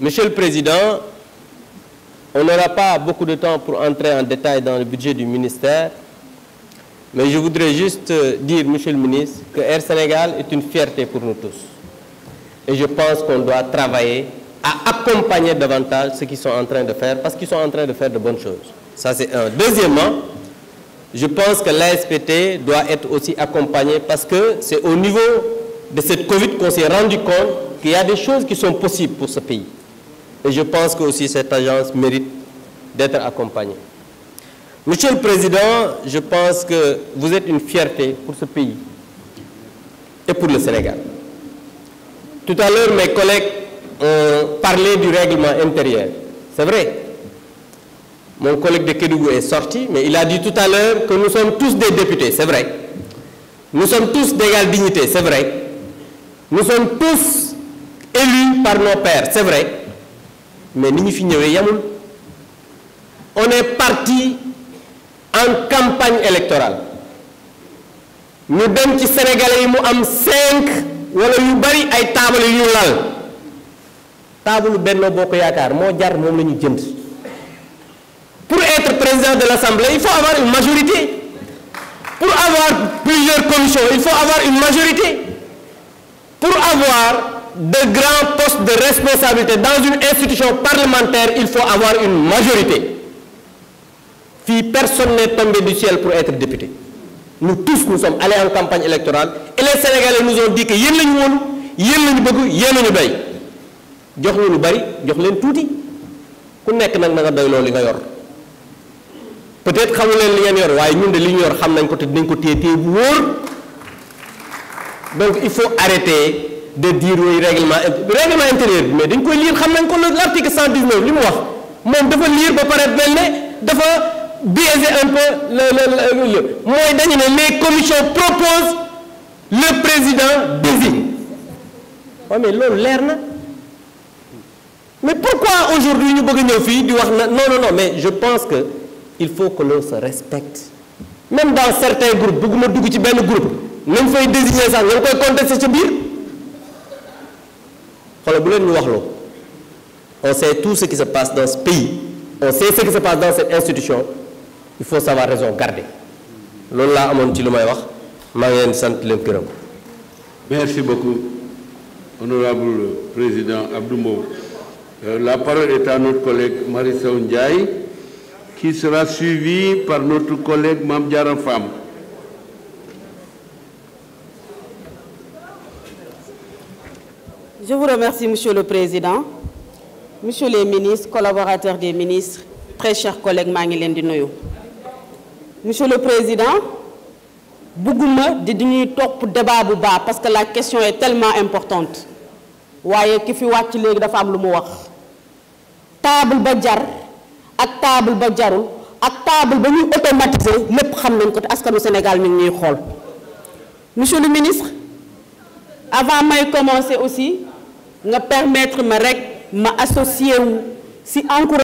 Monsieur le Président, on n'aura pas beaucoup de temps pour entrer en détail dans le budget du ministère, mais je voudrais juste euh, dire, Monsieur le Ministre, que Air Sénégal est une fierté pour nous tous. Et je pense qu'on doit travailler à accompagner davantage ce qu'ils sont en train de faire, parce qu'ils sont en train de faire de bonnes choses. c'est un. Deuxièmement, je pense que l'ASPT doit être aussi accompagnée parce que c'est au niveau de cette Covid qu'on des choses qui sont possibles pour ce pays. Et je pense que aussi cette agence mérite d'être accompagnée. Monsieur le Président, je pense que vous êtes une fierté pour ce pays et pour le Sénégal. Tout à l'heure, mes collègues ont parlé du règlement intérieur. C'est vrai. Mon collègue de Kédougou est sorti, mais il a dit tout à l'heure que nous sommes tous des députés, c'est vrai. Nous sommes d'égale dignité, c'est vrai. Nous sommes tous élus par nos pères, c'est vrai. mais ni ñu fi ñëwee yamul one est parti en campagne électoral ñu dem ci sénégalais yi mu am cinq wala yu bari ay taabal yu ñu lal taabalu Benno Bokk Yaakaar moo jar moom la ñu jënd pour être président de l'Assemblée il faut avoir une majorité pour avoir plusieurs commissions il faut avoir une majorité pour avoir de grands postes de responsabilité dans une institution parlementaire, il faut avoir une majorité. Puis personne n'est tombé du ciel pour être député. Nous tous, nous sommes allés en campagne électorale et les Sénégalais nous ont dit que yéen la ñu wóolu bëgg yéen la ñu béy jox ñu lu bari jox leen tuuti ku nekk nag na nga doy loolu li nga yor peut-être xamu leen li ngeen yor waaye ñun de li ñu yor xam nañ ko te dinañ ko téye téye bu wóor donc il faut arrêter. de dire yooyu règlement règlement intérieur bi mais dañ koy lire xam nañ ko l' article 119 li mu wax moom dafa lire ba pare mel ne dafa biaisé un peu le le le mooy dañu ne les commissions proposent le président désigne waaw mais loolu leer na mais pourquoi aujourd'hui ñu bëgg ñëw fii di wax na non non non mais je pense que il faut que l'on se respecte même dans certains groupes bëgguma dugg ci benn groupe nañ fay désigner sax nga koy contester ci biir. xoolal bu leen ñu waxloo on sait tout ce qui se passe dans ce pays on sait ce qui se passe dans cette institution il faut savoir raison garder loolu laa amoon ci lu may wax maa ngi leen sant leen këram merci beaucoup honorable président Abdou Mbow. Euh, la parole est à notre collègue Marie Sow Ndiaye qui sera suivie par notre collègue Mame Diarra Fam. Je vous remercie, Monsieur le Président. Monsieur les ministres, collaborateurs des ministres, très chers collègues maa ngi leen di nuyu. Monsieur le Président bëgguma di di ñuy topp débat bu baax parce que la question est tellement importante waaye ki fi wàcc léegi dafa am lu mu wax table ba jar ak table ba jarul ak table ba ñuy automatiser lépp xam nañ ko te askanu Sénégal mi ngi ñuy xool monsieur le ministre avant may commencer aussi nga permettre ma rek ma associé u si encouragement